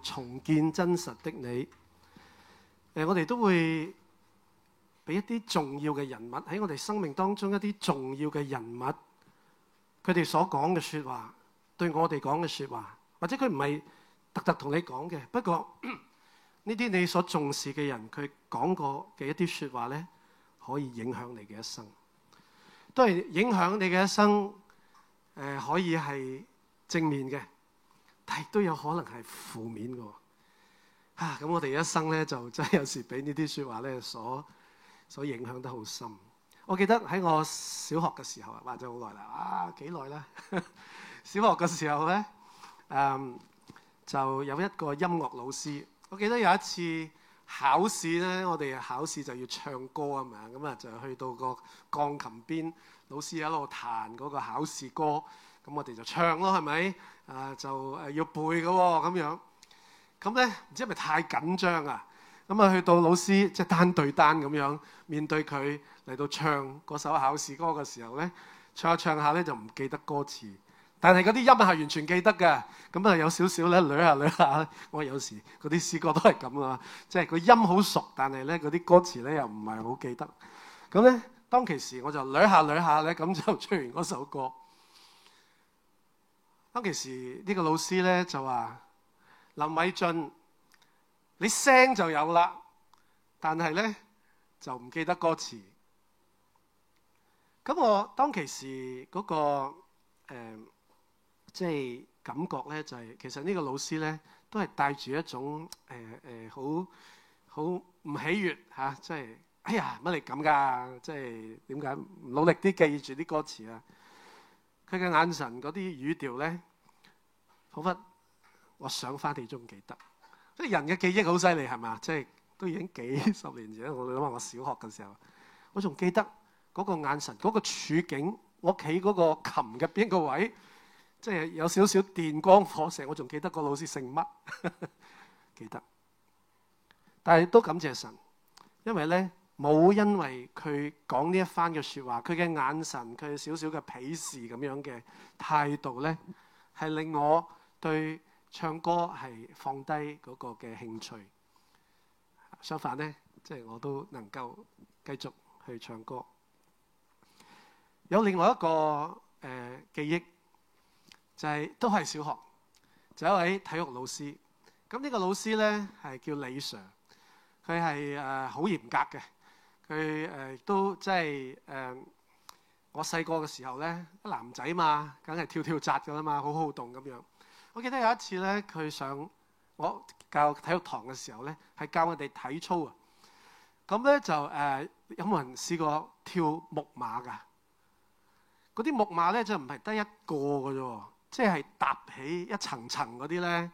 重建真實的你。誒、呃，我哋都會俾一啲重要嘅人物喺我哋生命當中一啲重要嘅人物，佢哋所講嘅説話，對我哋講嘅説話，或者佢唔係特特同你講嘅。不過呢啲你所重視嘅人，佢講過嘅一啲説話呢，可以影響你嘅一生。都係影響你嘅一生，呃、可以係正面嘅。但係都有可能係負面嘅，咁、啊、我哋一生呢，就真係有時俾呢啲説話呢所所影響得好深。我記得喺我小學嘅時候啊，話咗好耐啦，啊幾耐啦？ 小學嘅時候呢、嗯，就有一個音樂老師。我記得有一次考試呢，我哋考試就要唱歌啊嘛，咁啊就去到個鋼琴邊，老師喺度彈嗰個考試歌，咁我哋就唱咯，係咪？啊，就誒要背嘅喎，咁樣咁咧，唔知係咪太緊張啊？咁啊，去到老師即係單對單咁樣面對佢嚟到唱嗰首考試歌嘅時候咧，唱下唱下咧就唔記得歌詞，但係嗰啲音係完全記得嘅。咁啊有少少咧，捋下捋下，我有時嗰啲詩歌都係咁啊，即係個音好熟，但係咧嗰啲歌詞咧又唔係好記得。咁咧當其時我就捋下捋下咧，咁就唱完嗰首歌。當其時呢個老師咧就話，林偉俊，你聲就有啦，但係咧就唔記得歌詞。咁我當其時嗰、那個誒，即、呃、係、就是、感覺咧就係、是，其實呢個老師咧都係帶住一種誒誒，好好唔喜悅吓，即、啊、係、就是、哎呀乜你咁噶，即係點解唔努力啲記住啲歌詞啊？佢嘅眼神嗰啲語調咧，彷彿我想翻起都記得。即係人嘅記憶好犀利係嘛？即係都已經幾十年前，我諗下我小學嘅時候，我仲記得嗰個眼神、嗰、嗰個處境，我企嗰個琴入邊個位，即係有少少電光火石，我仲記得嗰個老師姓乜， 記得。但係都感謝神，因為咧。冇因為佢講呢一番嘅説話，佢嘅眼神、佢少少嘅鄙視咁樣嘅態度呢，係令我對唱歌係放低嗰個嘅興趣。相反呢，即係、就是、我都能夠繼續去唱歌。有另外一個誒、呃、記憶，就係、是、都係小學，就是、一位體育老師。咁呢個老師呢，係叫李 Sir，佢係誒好嚴格嘅。佢誒、呃、都即係誒、呃，我細個嘅時候咧，男仔嘛，梗係跳跳紮㗎啦嘛，好好動咁樣。我記得有一次咧，佢上我教體育堂嘅時候咧，係教我哋體操啊。咁咧就誒、呃，有冇人試過跳木馬㗎？嗰啲木馬咧就唔係得一個㗎啫，即係搭起一層層嗰啲咧。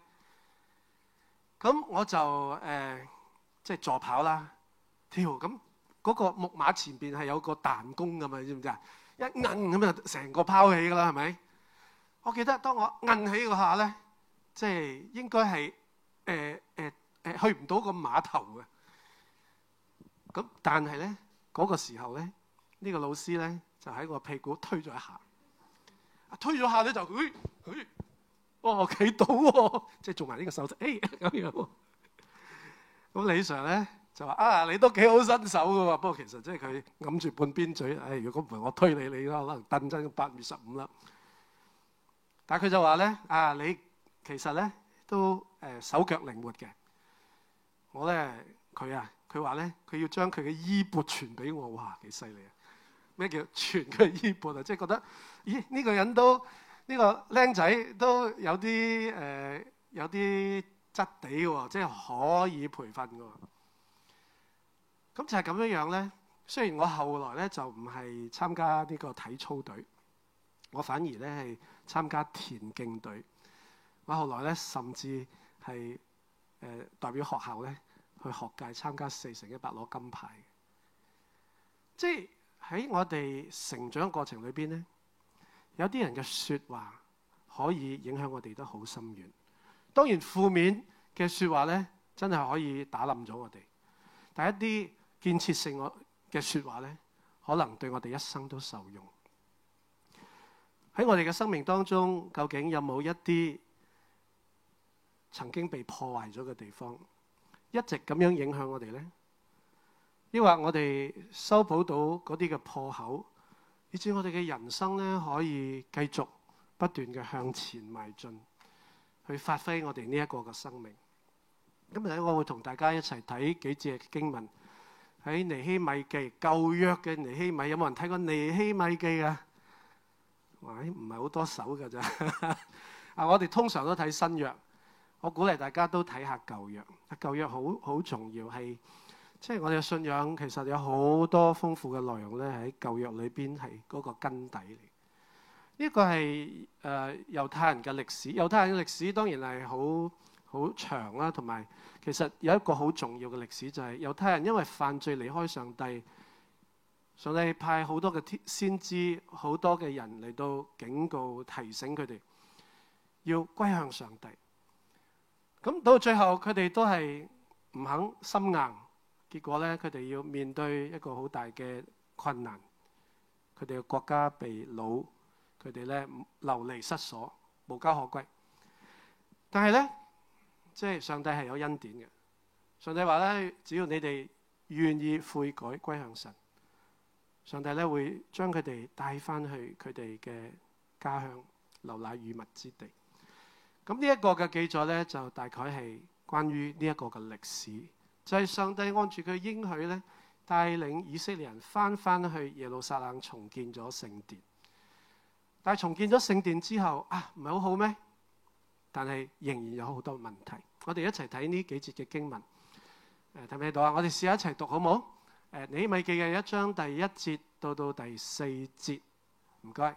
咁我就誒、呃，即係助跑啦，跳咁。嗰個木馬前邊係有個彈弓噶嘛，你知唔知啊？一摁咁就成個拋起噶啦，係咪？我記得當我摁起嗰下咧，即、就、係、是、應該係誒誒誒去唔到個碼頭嘅。咁但係咧嗰個時候咧，呢、這個老師咧就喺個屁股推咗一下，推咗下咧就誒誒，我、哎、企、哎、到喎、哦，即係做埋呢個手勢，誒、哎、咁樣喎。咁李 Sir 咧？就話啊，你都幾好身手噶嘛。不過其實即係佢揞住半邊嘴，誒、哎，如果唔係我推你你咯，可能掹真八月十五啦。但係佢就話咧，啊，你其實咧都誒、呃、手腳靈活嘅。我咧，佢啊，佢話咧，佢要將佢嘅衣鉢傳俾我，哇，幾犀利啊！咩叫傳佢衣鉢啊？即、就、係、是、覺得，咦，呢、這個人都呢、這個靚仔都有啲誒、呃，有啲質地嘅，即、就、係、是、可以培訓嘅。咁就係咁樣樣咧。雖然我後來咧就唔係參加呢個體操隊，我反而咧係參加田徑隊。我後來咧甚至係、呃、代表學校咧去學界參加四乘一百攞金牌。即係喺我哋成長過程裏面咧，有啲人嘅說話可以影響我哋都好深遠。當然負面嘅說話咧，真係可以打冧咗我哋。但一啲。建設性我嘅説話咧，可能對我哋一生都受用。喺我哋嘅生命當中，究竟有冇一啲曾經被破壞咗嘅地方，一直咁樣影響我哋呢？抑或我哋修補到嗰啲嘅破口，以至我哋嘅人生咧可以繼續不斷嘅向前邁進，去發揮我哋呢一個嘅生命？今日咧，我會同大家一齊睇幾隻經文。喺尼希米記，舊約嘅尼希米，有冇人睇過尼希米記噶？話唔係好多手噶咋。啊， 我哋通常都睇新約，我鼓勵大家都睇下舊約。舊約好好重要，係即係我哋嘅信仰其實有好多豐富嘅內容咧，喺舊約裏邊係嗰個根底嚟。呢、呢個係誒、呃、猶太人嘅歷史，猶太人嘅歷史當然係好好長啦，同埋。其實有一個好重要嘅歷史，就係猶太人因為犯罪離開上帝，上帝派好多嘅先知、好多嘅人嚟到警告提醒佢哋，要歸向上帝。咁到最後佢哋都係唔肯心硬，結果呢，佢哋要面對一個好大嘅困難，佢哋嘅國家被擄，佢哋咧流離失所、無家可歸。但係呢。即係上帝係有恩典嘅。上帝話咧，只要你哋願意悔改、歸向神，上帝咧會將佢哋帶翻去佢哋嘅家鄉，流奶與蜜之地。咁呢一個嘅記載咧，就大概係關於呢一個嘅歷史。就係上帝按住佢應許咧，帶領以色列人翻翻去耶路撒冷重建咗聖殿。但係重建咗聖殿之後，啊，唔係好好咩？但係仍然有好多問題我們。我哋一齊睇呢幾節嘅經文。誒，睇唔睇到啊？我哋試一齊讀好冇？尼希米記一章第一節到到第四節。唔該。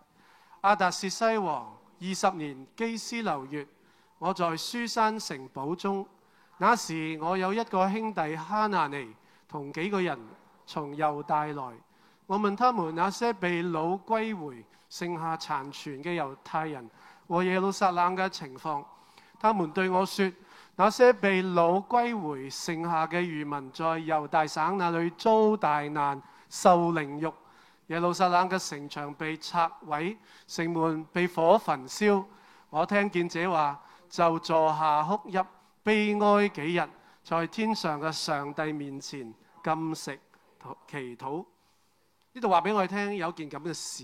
亞達薛西王二十年基斯流月，我在書珊城堡中。那時我有一個兄弟哈拿尼同幾個人從猶大來。我問他們那些被擄歸回、剩下殘存嘅猶太人，和耶路撒冷嘅情況，他們對我説：那些被擄歸回剩下嘅餘民，在猶大省那裏遭大難、受凌辱。耶路撒冷嘅城牆被拆毀，城門被火焚燒。我聽見這話，就坐下哭泣、悲哀幾日，在天上嘅上帝面前禁食、祈禱。呢度話俾我哋聽有件咁嘅事，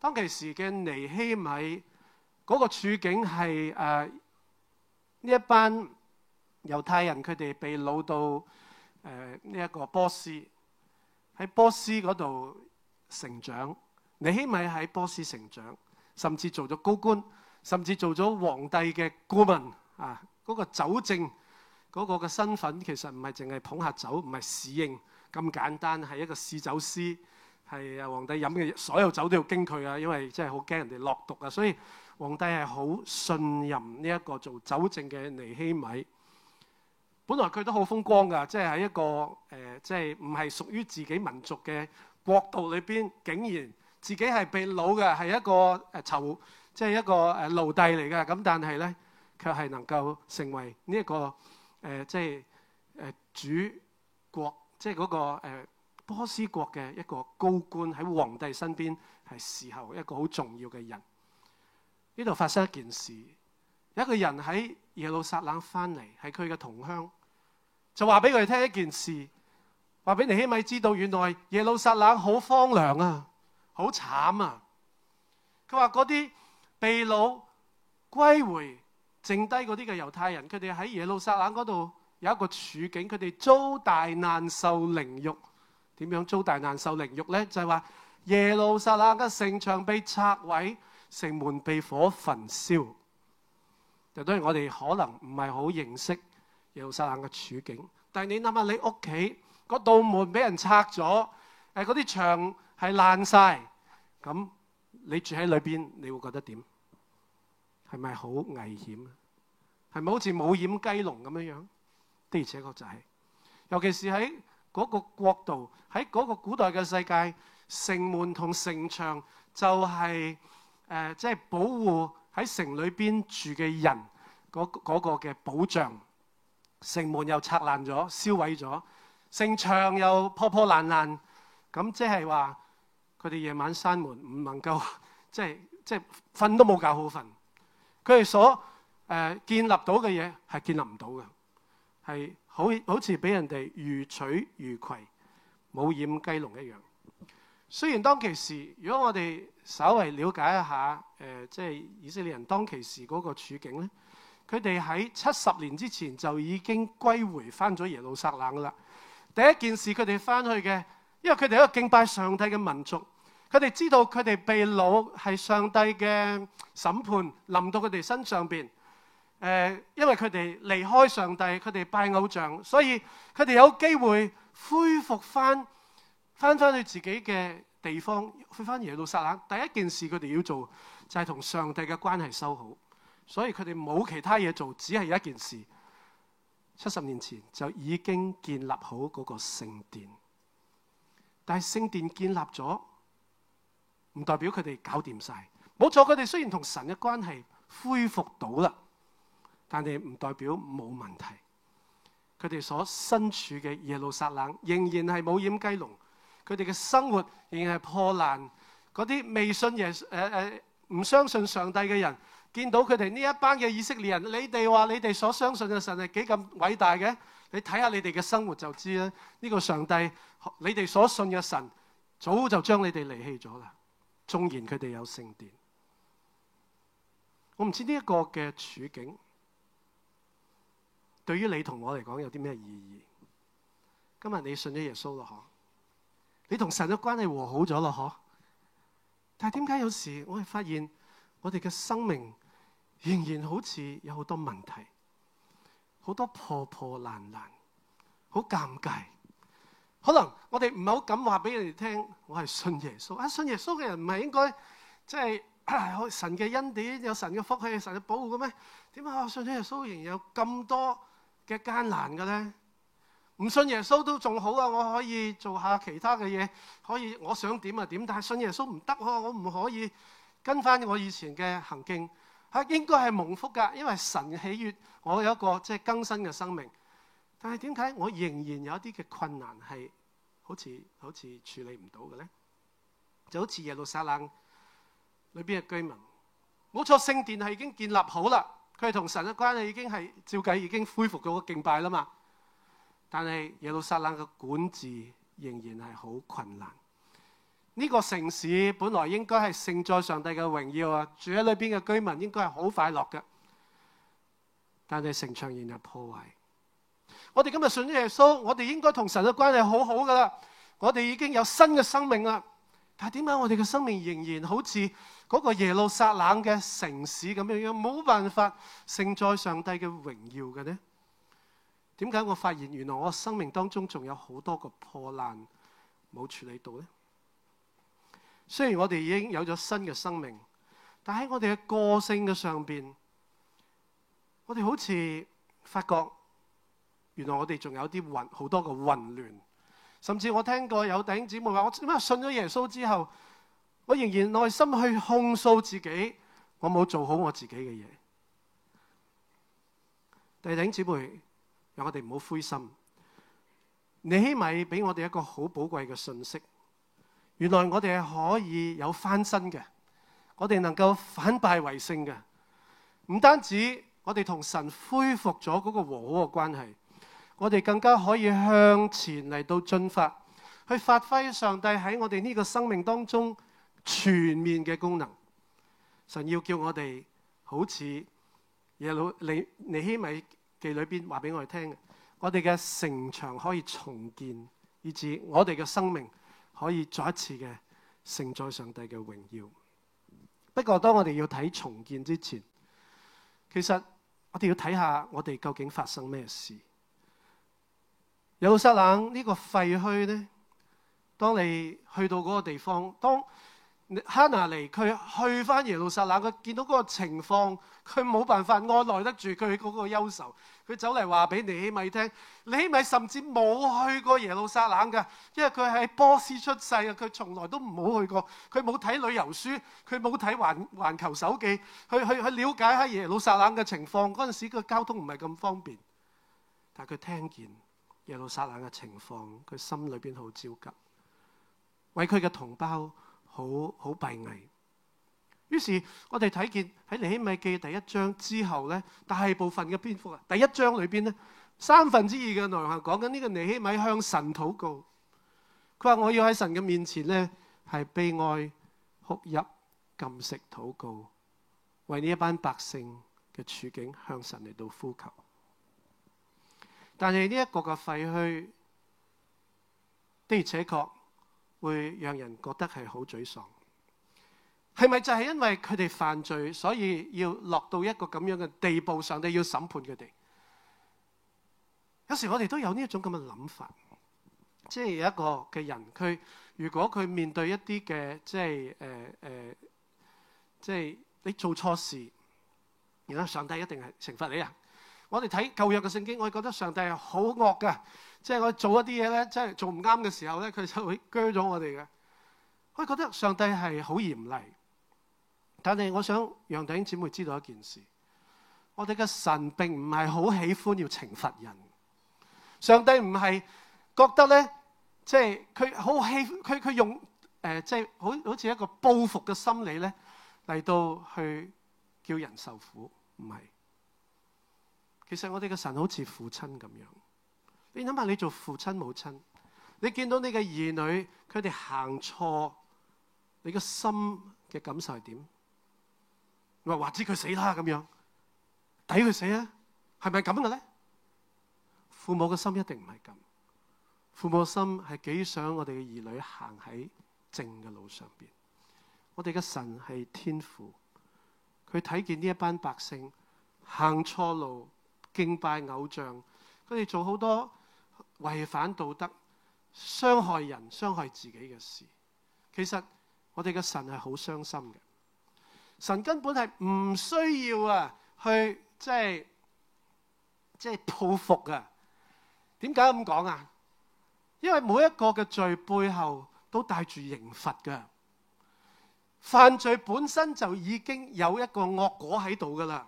當其時嘅尼希米。嗰個處境係誒呢一班猶太人他們被，佢哋被擄到誒呢一個波斯，喺波斯嗰度成長。尼希米喺波斯成長，甚至做咗高官，甚至做咗皇帝嘅顧問啊。嗰、那個酒政嗰、那個嘅身份其實唔係淨係捧下酒，唔係侍應咁簡單，係一個侍酒師係啊。是皇帝飲嘅所有酒都要經佢啊，因為真係好驚人哋落毒啊，所以。皇帝係好信任呢一個做酒政嘅尼希米。本來佢都好風光噶即係喺一個誒即係唔係屬於自己民族嘅國度裏邊竟然自己係被擄嘅，係一個誒、呃、囚，即、就、係、是、一個誒、呃、奴隸嚟嘅，咁但係咧，佢係能夠成為呢、這、一個誒即係誒主國即係嗰個誒、呃、波斯國嘅一個高官，喺皇帝身邊係侍候一個好重要嘅人。呢度發生一件事，有一個人喺耶路撒冷翻嚟，係佢嘅同鄉，就話俾佢哋聽一件事，話俾尼希米知道，原來耶路撒冷好荒涼啊，好慘啊。佢話嗰啲被擄歸回，剩低嗰啲嘅猶太人，佢哋喺耶路撒冷嗰度有一個處境，佢哋遭大難受凌辱。點樣遭大難受凌辱呢？就係、是、話耶路撒冷嘅城牆被拆毀。城門被火焚燒，就當然我哋可能唔係好認識耶路撒冷嘅處境，但係你諗下，你屋企個道門俾人拆咗，誒、嗰啲牆係爛晒。咁你住喺裏邊，你會覺得點？係咪好危險？係咪好似冇掩雞籠咁樣樣？的而且確就係、是，尤其是喺嗰個國度，喺嗰個古代嘅世界，城門同城牆就係、是。誒、呃，即係保護喺城裏邊住嘅人嗰、嗰個嘅、嗰個、保障。城門又拆爛咗，燒毀咗，城牆又破破爛爛，咁即係話佢哋夜晚閂門，唔能夠即係即係瞓都冇覺好瞓。佢哋所誒、呃、建立到嘅嘢係建立唔到嘅，係好好似俾人哋如取如攜，冇掩雞籠一樣。雖然當其時，如果我哋稍微了解一下，誒、呃，即、就、係、是、以色列人當其時嗰個處境咧。佢哋喺七十年之前就已經歸回翻咗耶路撒冷噶啦。第一件事佢哋翻去嘅，因為佢哋係一個敬拜上帝嘅民族，佢哋知道佢哋被擄係上帝嘅審判臨到佢哋身上邊。誒、呃，因為佢哋離開上帝，佢哋拜偶像，所以佢哋有機會恢復翻翻翻佢自己嘅地方去翻耶路撒冷，第一件事佢哋要做就係同上帝嘅關係修好，所以佢哋冇其他嘢做，只係一件事。七十年前就已經建立好嗰個聖殿，但係聖殿建立咗，唔代表佢哋搞掂晒。冇錯，佢哋雖然同神嘅關係恢復到啦，但係唔代表冇問題。佢哋所身處嘅耶路撒冷仍然係冇掩雞籠。佢哋嘅生活仍然係破爛，嗰啲未信耶誒誒唔相信上帝嘅人，見到佢哋呢一班嘅以色列人，你哋話你哋所相信嘅神係幾咁偉大嘅？你睇下你哋嘅生活就知啦。呢個上帝，你哋所信嘅神，早就將你哋離棄咗啦。縱然佢哋有聖殿，我唔知呢一個嘅處境，對於你同我嚟講有啲咩意義？今日你信咗耶穌咯，嗬？你同神嘅關係和好咗咯，嗬？但係點解有時我哋發現我哋嘅生命仍然好似有好多問題，好多破破爛爛，好尷尬。可能我哋唔係好敢話俾人哋聽，我係信耶穌。啊，信耶穌嘅人唔係應該即係、就係啊、神嘅恩典，有神嘅福氣，有神嘅保護嘅咩？點解我信咗耶穌仍然有咁多嘅艱難嘅咧？唔信耶穌都仲好啊，我可以做下其他嘅嘢，可以我想點啊點。但係信耶穌唔得，我唔可以跟翻我以前嘅行徑。嚇，應該係蒙福噶，因為神喜悅我有一個即係更新嘅生命。但係點解我仍然有一啲嘅困難係好似好似處理唔到嘅咧？就好似耶路撒冷裏邊嘅居民，冇錯，聖殿係已經建立好啦，佢同神嘅關係已經係照計已經恢復到個敬拜啦嘛。但係耶路撒冷嘅管治仍然係好困難。呢個城市本來應該係盛在上帝嘅榮耀啊，住喺裏面嘅居民應該係好快樂嘅。但係城牆仍然破壞。我哋今日信咗耶穌，我哋應該同神嘅關係好好噶啦。我哋已經有新嘅生命啦。但係點解我哋嘅生命仍然好似嗰個耶路撒冷嘅城市咁樣樣，冇辦法盛在上帝嘅榮耀嘅呢？點解我發現原來我生命當中仲有好多個破爛冇處理到呢？雖然我哋已經有咗新嘅生命，但喺我哋嘅個性嘅上邊，我哋好似發覺原來我哋仲有啲混好多嘅混亂，甚至我聽過有弟兄姊妹話：我咩信咗耶穌之後，我仍然內心去控訴自己，我冇做好我自己嘅嘢。但是弟兄姊妹。我哋唔好灰心，尼希米俾我哋一個好寶貴嘅信息，原來我哋係可以有翻身嘅，我哋能夠反敗為勝嘅，唔單止我哋同神恢復咗嗰個和好嘅關係，我哋更加可以向前嚟到進發，去發揮上帝喺我哋呢個生命當中全面嘅功能。神要叫我哋好似耶路尼尼希米。記裏邊話俾我哋聽，我哋嘅城牆可以重建，以至我哋嘅生命可以再一次嘅承載上帝嘅榮耀。不過當我哋要睇重建之前，其實我哋要睇下我哋究竟發生咩事。耶路撒冷呢個廢墟呢，當你去到嗰個地方，當。.哈拿尼，佢去翻耶路撒冷，佢見到嗰個情況，佢冇辦法按耐得住佢嗰個憂愁，佢走嚟話俾尼希米聽。尼希米甚至冇去過耶路撒冷嘅，因為佢喺波斯出世啊，佢從來都唔冇去過，佢冇睇旅遊書，佢冇睇環環球手記去去去了解下耶路撒冷嘅情況。嗰陣時個交通唔係咁方便，但係佢聽見耶路撒冷嘅情況，佢心裏邊好焦急，為佢嘅同胞。好好閉翳，於是我哋睇見喺尼希米記第一章之後咧，大部分嘅篇幅啊，第一章裏邊咧，三分之二嘅內容講緊呢個尼希米向神禱告，佢話我要喺神嘅面前咧係悲哀哭泣、禁食禱告，為呢一班百姓嘅處境向神嚟到呼求，但係呢一個嘅廢墟的而且確。會讓人覺得係好沮喪，係咪就係因為佢哋犯罪，所以要落到一個咁樣嘅地步，上帝要審判佢哋？有時我哋都有呢一種咁嘅諗法，即係一個嘅人，佢如果佢面對一啲嘅，即係誒誒，即係你做錯事，然後上帝一定係懲罰你啊！我哋睇舊約嘅聖經，我哋覺得上帝係好惡㗎。即係我做一啲嘢咧，即係做唔啱嘅時候咧，佢就會鋸咗我哋嘅。我覺得上帝係好嚴厲，但係我想讓弟兄姊妹知道一件事，我哋嘅神並唔係好喜歡要懲罰人。上帝唔係覺得咧，即係佢好喜，佢佢用誒，即係好好似一個報復嘅心理咧嚟到去叫人受苦，唔係。其實我哋嘅神好似父親咁樣。你諗下，你做父親母親，你見到你嘅兒女佢哋行錯，你個心嘅感受係點？話話知佢死啦咁樣，抵佢死啊？係咪咁嘅咧？父母嘅心一定唔係咁，父母嘅心係幾想我哋嘅兒女行喺正嘅路上邊。我哋嘅神係天父，佢睇見呢一班百姓行錯路、敬拜偶像、佢哋做好多，違反道德、傷害人、傷害自己嘅事，其實我哋嘅神係好傷心嘅。神根本係唔需要啊，去即係即係報復嘅。點解咁講啊？因為每一個嘅罪背後都帶住刑罰㗎，犯罪本身就已經有一個惡果喺度噶啦。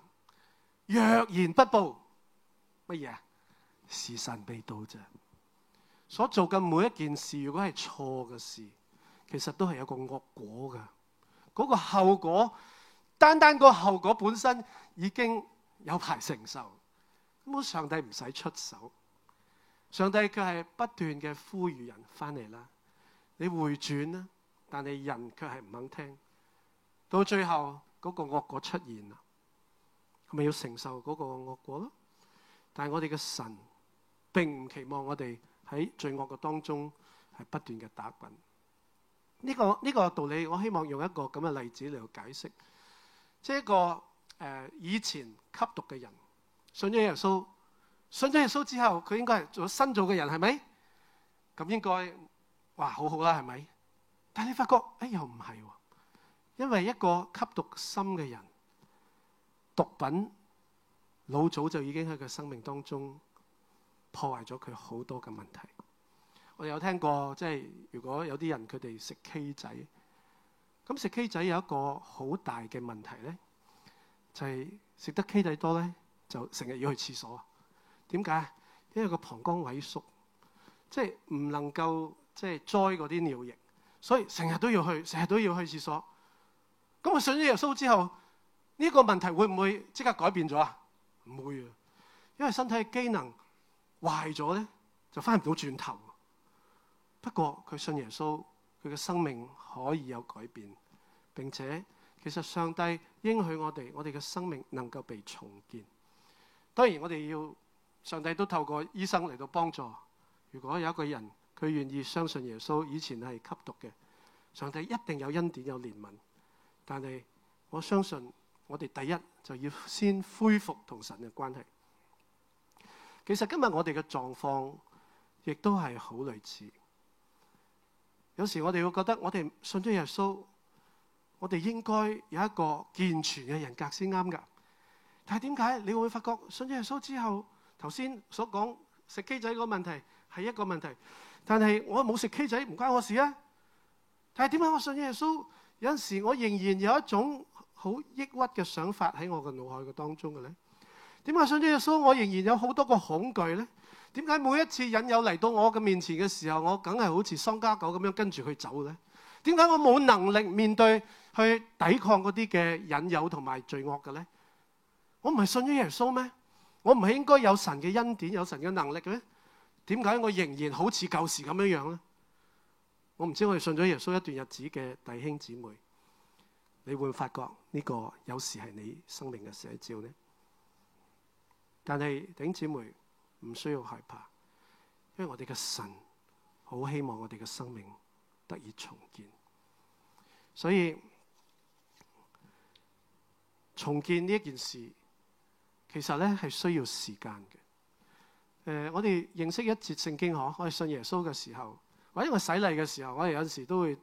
若然不報，乜嘢？時辰未到啫。所做嘅每一件事，如果係錯嘅事，其實都係有個惡果嘅。嗰個後果，單單個後果本身已經有排承受了。咁，上帝唔使出手，上帝佢係不斷嘅呼籲人翻嚟啦。你回轉啦，但係人卻係唔肯聽。到最後嗰個惡果出現啦，咪要承受嗰個惡果咯。但係我哋嘅神，並唔期望我哋。喺罪惡嘅當中係不斷嘅打滾，這個，呢個呢個道理我希望用一個咁嘅例子嚟去解釋，即係一個誒、呃、以前吸毒嘅人信咗耶穌，信咗耶穌之後佢應該係做新造嘅人係咪？咁應該哇好好啦係咪？但係你發覺誒、哎、又唔係喎，因為一個吸毒心嘅人，毒品老早就已經喺佢生命當中。破壞咗佢好多嘅問題。我哋有聽過，即係如果有啲人佢哋食 K 仔，咁食 K 仔有一個好大嘅問題咧，就係、是、食得 K 仔多咧，就成日要去廁所。點解？因為個膀胱萎縮，即係唔能夠即係載嗰啲尿液，所以成日都要去，成日都要去廁所。咁佢信咗耶穌之後，呢、這個問題會唔會即刻改變咗啊？唔會啊，因為身體嘅機能。壞咗呢，就翻唔到轉頭了。不過佢信耶穌，佢嘅生命可以有改變，並且其實上帝應許我哋，我哋嘅生命能夠被重建。當然我哋要，上帝都透過醫生嚟到幫助。如果有一個人佢願意相信耶穌，以前係吸毒嘅，上帝一定有恩典有憐憫。但係我相信，我哋第一就要先恢復同神嘅關係。其實今日我哋嘅狀況亦都係好類似，有時我哋會覺得我哋信咗耶穌，我哋應該有一個健全嘅人格先啱㗎。但係點解你會發覺信咗耶穌之後，頭先所講食 K 仔個問題係一個問題，但係我冇食 K 仔唔關我事啊。但係點解我信耶穌有陣時我仍然有一種好抑鬱嘅想法喺我嘅腦海嘅當中嘅咧？點解信咗耶穌，我仍然有好多個恐懼呢？點解每一次引誘嚟到我嘅面前嘅時候，我梗係好似喪家狗咁樣跟住佢走呢？點解我冇能力面對去抵抗嗰啲嘅引誘同埋罪惡嘅呢？我唔係信咗耶穌咩？我唔係應該有神嘅恩典、有神嘅能力嘅咩？點解我仍然好似舊時咁樣樣呢？我唔知我哋信咗耶穌一段日子嘅弟兄姊妹，你會唔會發覺呢個有時係你生命嘅寫照呢？但係，頂姊妹唔需要害怕，因為我哋嘅神好希望我哋嘅生命得以重建。所以重建呢一件事，其實咧係需要時間嘅。誒、呃，我哋認識一節聖經，可我哋信耶穌嘅時候，或者我哋洗禮嘅時候，我哋有陣時都會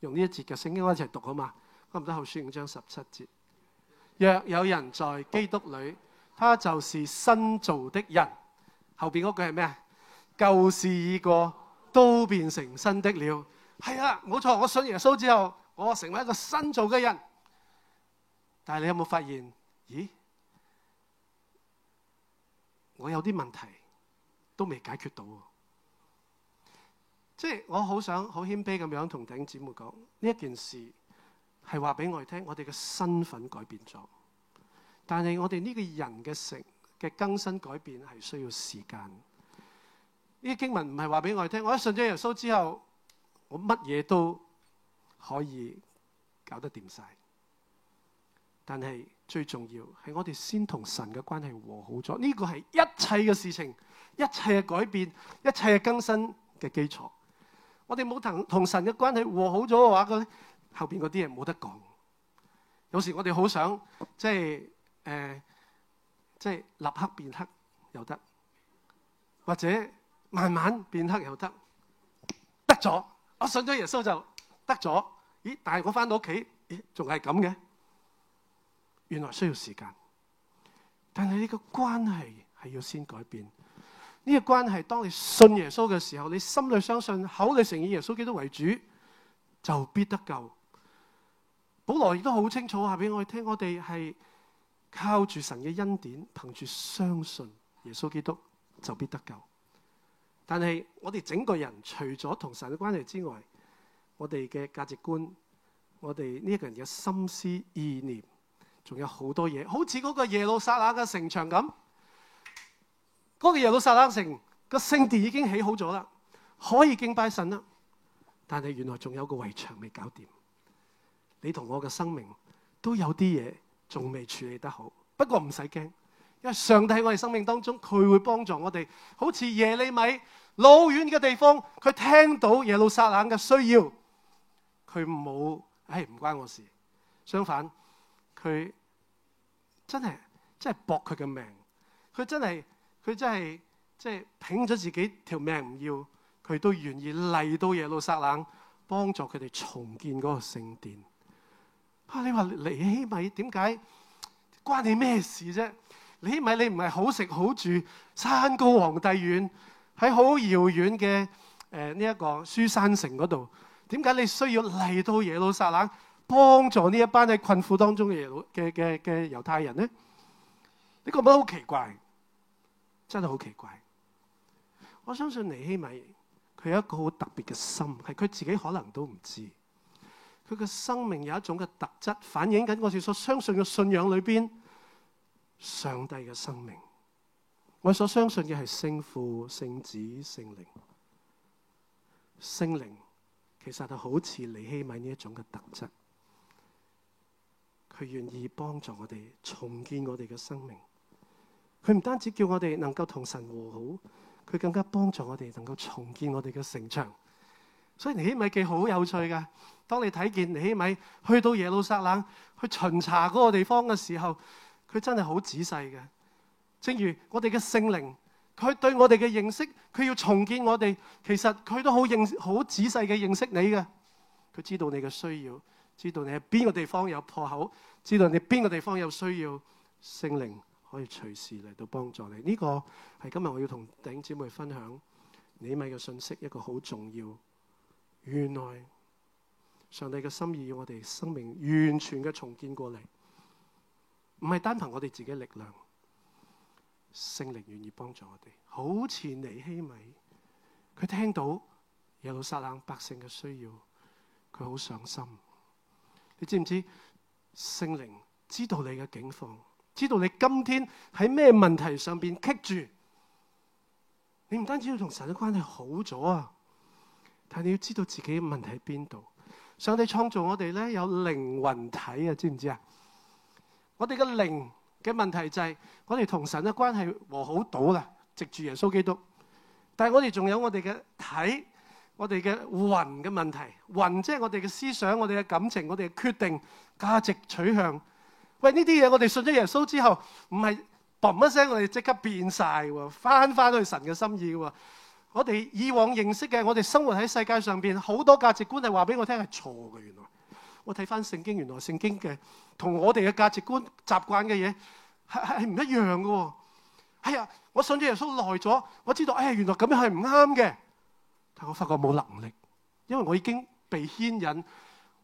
用呢一節嘅聖經我一齊讀好嘛？得唔得？後書五章十七節：若有人在基督裏。他就是新造的人，後邊嗰句係咩啊？舊事已過，都變成新的了。係啊，冇錯，我信耶穌之後，我成為一個新造嘅人。但係你有冇發現？咦，我有啲問題都未解決到。即係我好想好謙卑咁樣同弟兄姊妹講，呢一件事係話俾我哋聽，我哋嘅身份改變咗。但係我哋呢個人嘅成嘅更新改變係需要時間。呢啲經文唔係話俾我哋聽，我一信咗耶穌之後，我乜嘢都可以搞得掂晒。但係最重要係我哋先同神嘅關係和好咗，呢個係一切嘅事情、一切嘅改變、一切嘅更新嘅基礎。我哋冇同同神嘅關係和好咗嘅話，嗰後邊嗰啲嘢冇得講。有時我哋好想即係。誒、呃，即係立刻變黑又得，或者慢慢變黑又得，得咗，我信咗耶穌就得咗。咦？但係我翻到屋企，咦，仲係咁嘅，原來需要時間。但係呢個關係係要先改變呢、這個關係。當你信耶穌嘅時候，你心裏相信、口裏承認耶穌基督為主，就必得救。保羅亦都好清楚，下俾我哋聽，我哋係。靠住神嘅恩典，憑住相信耶穌基督就必得救。但係我哋整個人除咗同神嘅關係之外，我哋嘅價值觀、我哋呢個人嘅心思意念，仲有好多嘢，好似嗰個耶路撒冷嘅城牆咁。嗰個耶路撒冷城個聖殿已經起好咗啦，可以敬拜神啦。但係原來仲有個圍牆未搞掂。你同我嘅生命都有啲嘢。仲未處理得好，不過唔使驚，因為上帝喺我哋生命當中，佢會幫助我哋。好似尼希米，老遠嘅地方，佢聽到耶路撒冷嘅需要，佢冇，唉、哎，唔關我事。相反，佢真係真係搏佢嘅命，佢真係佢真係即係拼咗自己條命唔要，佢都願意嚟到耶路撒冷幫助佢哋重建嗰個聖殿。啊、你話尼希米點解關你咩事啫？尼希米你唔係好食好住，山高皇帝遠，喺好遙遠嘅誒呢一個書珊城嗰度，點解你需要嚟到耶路撒冷幫助呢一班喺困苦當中嘅耶路嘅嘅嘅猶太人呢？你覺唔覺得好奇怪？真係好奇怪！我相信尼希米佢有一個好特別嘅心，係佢自己可能都唔知道。佢嘅生命有一種嘅特質，反映緊我哋所相信嘅信仰裏面。上帝嘅生命。我所相信嘅係聖父、聖子、聖靈。聖靈其實就好似尼希米呢一種嘅特質，佢願意幫助我哋重建我哋嘅生命。佢唔單止叫我哋能夠同神和好，佢更加幫助我哋能夠重建我哋嘅城牆。所以尼希米記好有趣㗎。當你睇見尼希米去到耶路撒冷去巡查嗰個地方嘅時候，佢真係好仔細嘅。正如我哋嘅聖靈，佢對我哋嘅認識，佢要重建我哋，其實佢都好認好仔細嘅認識你嘅。佢知道你嘅需要，知道你喺邊個地方有破口，知道你邊個地方有需要，聖靈可以隨時嚟到幫助你。呢個係今日我要同頂姐妹分享尼希米嘅信息一個好重要。原來上帝嘅心意要我哋生命完全嘅重建過嚟，唔係單憑我哋自己嘅力量，聖靈願意幫助我哋。好似尼希米，佢聽到耶路撒冷百姓嘅需要，佢好上心。你知唔知聖靈知道你嘅境況，知道你今天喺咩問題上邊棘住？你唔單止要同神嘅關係好咗啊！係你要知道自己嘅問題喺邊度？上帝創造我哋咧有靈魂體啊，知唔知啊？我哋嘅靈嘅問題就係我哋同神嘅關係和好到啦，藉住耶穌基督。但係我哋仲有我哋嘅體，我哋嘅魂嘅問題，魂即係我哋嘅思想、我哋嘅感情、我哋嘅決定、價值取向。喂，呢啲嘢我哋信咗耶穌之後，唔係嘣一聲我哋即刻變晒嘅，翻翻去神嘅心意嘅。我哋以往認識嘅，我哋生活喺世界上邊好多價值觀是告訴我，係話俾我聽係錯嘅。原來我睇翻聖經，原來聖經嘅同我哋嘅價值觀、習慣嘅嘢係係唔一樣嘅，哦。哎呀，我信咗耶穌耐咗，我知道誒、哎、原來咁樣係唔啱嘅。但我發覺冇能力，因為我已經被牽引，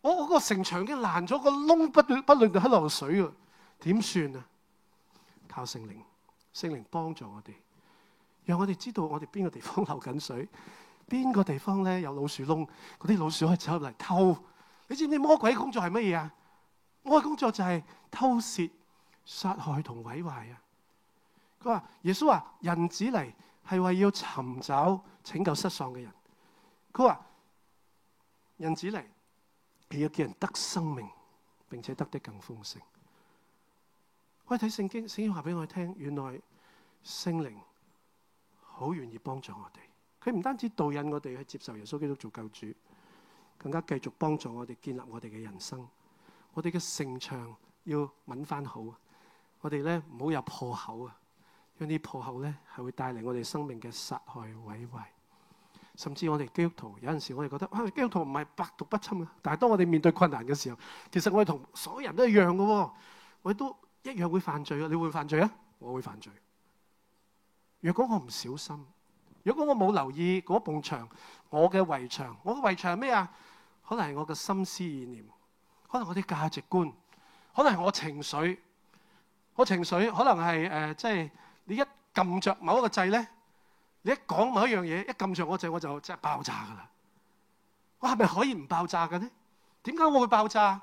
我我、個城牆已經爛咗，個窿不斷不斷就喺漏水啊，點算啊？靠聖靈，聖靈幫助我哋。讓我哋知道我哋邊個地方流緊水，邊個地方咧有老鼠窿，嗰啲老鼠可以走入嚟偷。你知唔知魔鬼工作係乜嘢啊？魔鬼嘅工作就係偷竊、殺害同毀壞啊。佢話耶穌話：人子嚟係為要尋找拯救失喪嘅人。佢話人子嚟，係要叫人得生命，並且得的更豐盛。我睇聖經，聖經話俾我聽，原來聖靈。好願意幫助我哋，佢唔單止導引我哋去接受耶穌基督做救主，更加繼續幫助我哋建立我哋嘅人生，我哋嘅成長要搵翻好，我哋咧唔好有破口啊，有啲破口咧係會帶嚟我哋生命嘅殺害毀壞，甚至我哋基督徒有陣時候我哋覺得啊，基督徒唔係百毒不侵啊，但係當我哋面對困難嘅時候，其實我哋同所有人都一樣㗎喎，我哋都一樣會犯罪啊！你會犯罪啊？我會犯罪。如果我唔小心，如果我冇留意嗰埲牆，我嘅圍牆，我嘅圍牆係咩啊？可能係我嘅心思意念，可能是我啲價值觀，可能係我情緒。我情緒可能係誒，即、呃、係、就是、你一撳着某一個掣咧，你一講某一樣嘢，一撳着我掣我就即係爆炸噶啦。我係咪可以唔爆炸嘅咧？點解我會爆炸？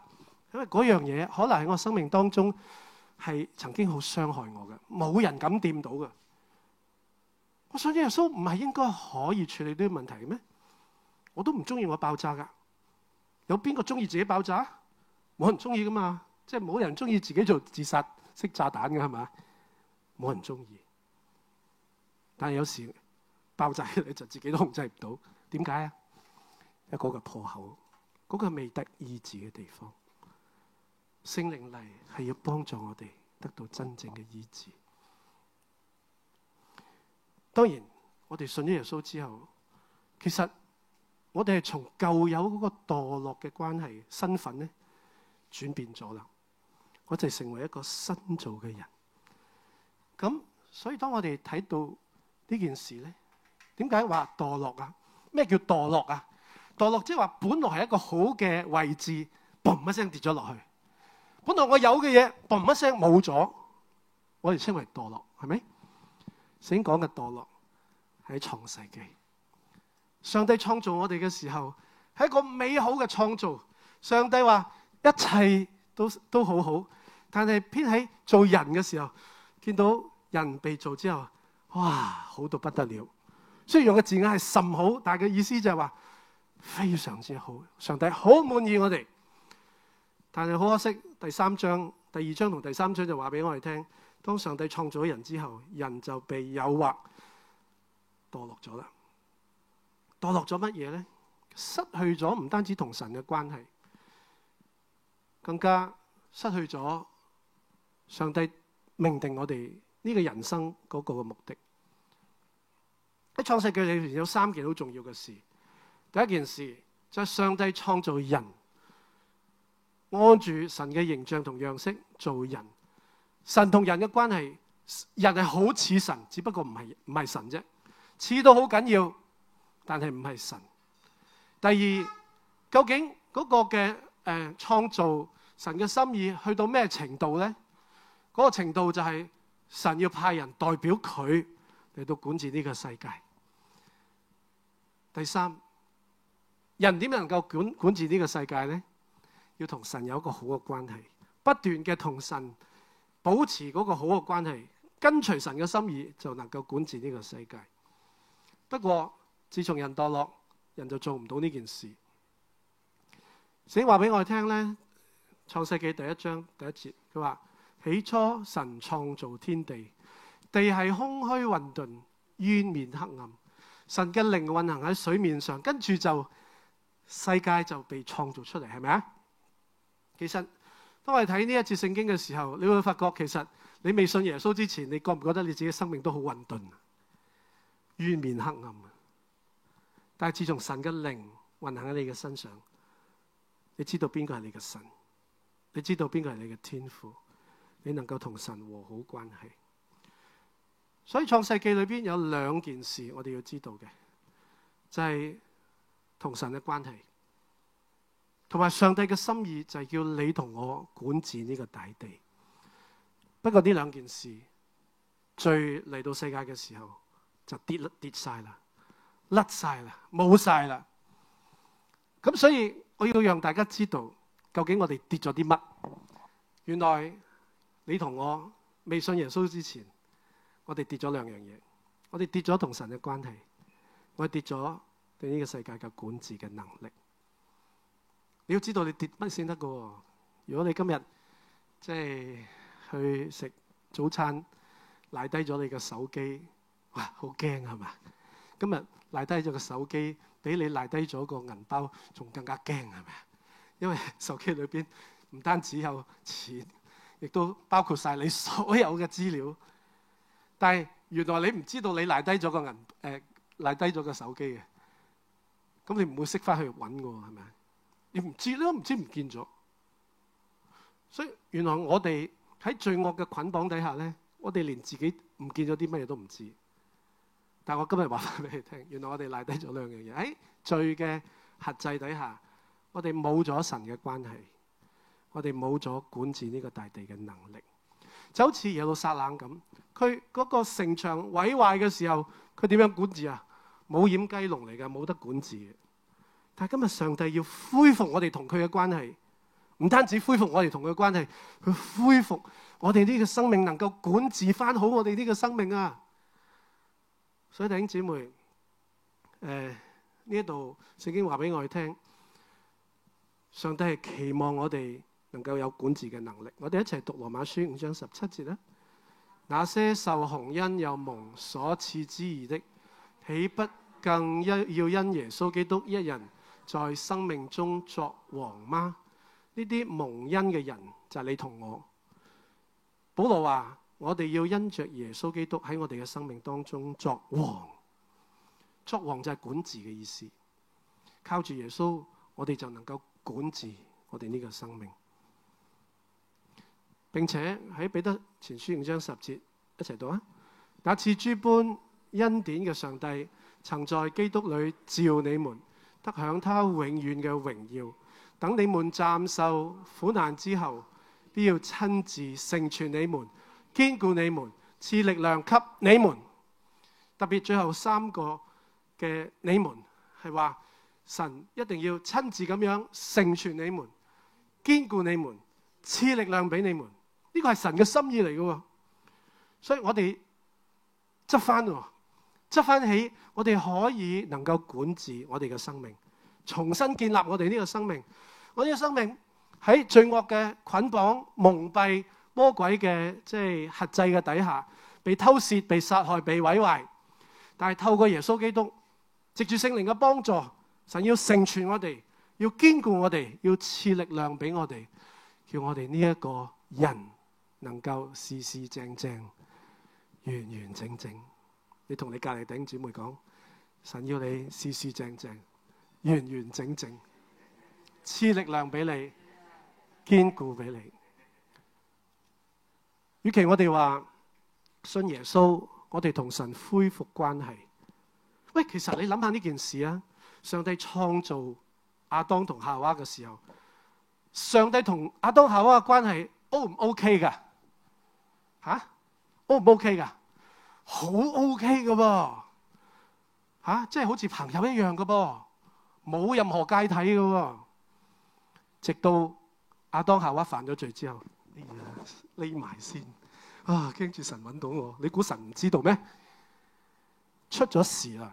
因為嗰樣嘢可能係我生命當中係曾經好傷害我嘅，冇人敢掂到嘅。我想耶穌唔係應該可以處理呢啲問題嘅咩？我都唔中意我爆炸噶，有邊個中意自己爆炸？冇人中意噶嘛，即係冇人中意自己做自殺式炸彈嘅係嘛？冇人中意，但係有時爆炸你就自己都控制唔到，點解啊？一個破口，嗰個未得醫治嘅地方，聖靈嚟係要幫助我哋得到真正嘅醫治。當然，我哋信咗耶穌之後，其實我哋係從舊有嗰個墮落嘅關係身份咧，轉變咗啦。我就成為一個新造嘅人。咁所以當我哋睇到呢件事咧，點解話墮落啊？咩叫墮落啊？墮落即係話本來係一個好嘅位置，嘣一聲跌咗落去。本來我有嘅嘢，嘣一聲冇咗，我哋稱為墮落，係咪？先講嘅墮落喺創世記，上帝創造我哋嘅時候係一個美好嘅創造。上帝話一切都都好好，但係偏喺做人嘅時候，見到人被造之後，哇，好到不得了。雖然用嘅字眼係甚好，但係嘅意思就係話非常之好，上帝好滿意我哋。但係好可惜，第三章、第二章同第三章就話俾我哋聽。當上帝創造咗人之後，人就被誘惑墮落咗啦。墮落咗乜嘢咧？失去咗唔單止同神嘅關係，更加失去咗上帝命定我哋呢個人生嗰個嘅目的。喺創世記裏面有三件好重要嘅事。第一件事就係上帝創造人，按住神嘅形象同樣式做人。神同人嘅關係，人係好似神，只不過唔係，唔係神啫，似到好緊要，但係唔係神。第二，究竟嗰個嘅誒創造神嘅心意去到咩程度咧？嗰個程度就係神要派人代表佢嚟到管治呢個世界。第三，人點能夠管管治呢個世界咧？要同神有一個好嘅關係，不斷嘅同神。保持嗰個好嘅關係，跟隨神嘅心意就能夠管治呢個世界。不過自從人墮落，人就做唔到呢件事。聖經話俾我哋聽呢，創世紀第一章第一節，佢話起初神創造天地，地係空虛混沌，淵面黑暗。神嘅靈運行喺水面上，跟住就世界就被創造出嚟，係咪啊？其實。當我哋睇呢一次聖經嘅時候，你會發覺其實你未信耶穌之前，你覺唔覺得你自己的生命都好混沌，淵面黑暗啊？但係自從神嘅靈運行喺你嘅身上，你知道邊個係你嘅神，你知道邊個係你嘅天父，你能夠同神和好關係。所以創世記裏邊有兩件事，我哋要知道嘅就係、是、同神嘅關係。同埋上帝嘅心意就係叫你同我管治呢個大地。不過呢兩件事，最嚟到世界嘅時候就跌啦，跌晒啦，甩晒啦，冇晒啦。咁所以我要讓大家知道究竟我哋跌咗啲乜？原來你同我未信耶穌之前，我哋跌咗兩樣嘢。我哋跌咗同神嘅關係，我哋跌咗對呢個世界嘅管治嘅能力。你要知道你跌乜先得噶？如果你今日即係去食早餐，賴低咗你嘅手機，哇！好驚係咪啊？今日賴低咗個手機，比你賴低咗個銀包，仲更加驚係咪啊？因為手機裏邊唔單止有錢，亦都包括晒你所有嘅資料。但係原來你唔知道你賴低咗個銀誒，賴低咗個手機嘅，咁你唔會識翻去揾㗎喎，係咪？你唔知都唔知唔見咗，所以原來我哋喺罪惡嘅捆綁底下咧，我哋連自己唔見咗啲乜嘢都唔知。但係我今日話翻俾你聽，原來我哋賴低咗兩樣嘢。誒，罪嘅轄制底下，我哋冇咗神嘅關係，我哋冇咗管治呢個大地嘅能力。就好似耶路撒冷咁，佢嗰個城牆毀壞嘅時候，佢點樣管治啊？冇掩雞籠嚟嘅，冇得管治。但係今日上帝要恢復我哋同佢嘅關係，唔單止恢復我哋同佢嘅關係，佢恢復我哋呢個生命能夠管治翻好我哋呢個生命啊！所以弟兄姊妹，誒，呢一度聖經話俾我哋聽，上帝係期望我哋能夠有管治嘅能力。我哋一齊讀羅馬書五章十七節啦。那些受洪恩又蒙所賜之義的，豈不更要因耶穌基督一人在生命中作王嗎？呢啲蒙恩嘅人就係你同我。保羅話：我哋要因着耶穌基督喺我哋嘅生命當中作王。作王就係管治嘅意思。靠住耶穌，我哋就能夠管治我哋呢個生命。並且喺彼得前書五章十節一齊讀啊。假設諸般恩典嘅上帝曾在基督裏召你們。得享他永遠嘅榮耀。等你們暫受苦難之後，必要親自成全你們，堅固你們，賜力量給你們。特別最後三個嘅你們係話，神一定要親自咁樣成全你們，堅固你們，賜力量俾你們。呢個係神嘅心意嚟嘅，所以我哋執翻咯。執翻起，我哋可以能夠管治我哋嘅生命，重新建立我哋呢個生命。我呢個生命喺罪惡嘅捆綁、蒙蔽、魔鬼嘅即係轄制嘅底下，被偷竊、被殺害、被毀壞。但係透過耶穌基督，藉住聖靈嘅幫助，神要成全我哋，要堅固我哋，要賜力量俾我哋，叫我哋呢一個人能夠事事正正、完完整整。你同你隔籬頂姊妹講，神要你事事正正、完完整整，賜力量俾你，堅固俾你。與其我哋話信耶穌，我哋同神恢復關係。喂，其實你諗下呢件事啊！上帝創造亞當同夏娃嘅時候，上帝同亞當夏娃嘅關係 O 唔 OK 噶？吓，O 唔 OK 噶？好 O K 嘅喎，嚇，即係好似朋友一樣嘅噃，冇任何芥蒂嘅喎。直到亞當夏娃犯咗罪之後，哎呀，匿埋先，啊，驚住神揾到我，你估神唔知道咩？出咗事啦。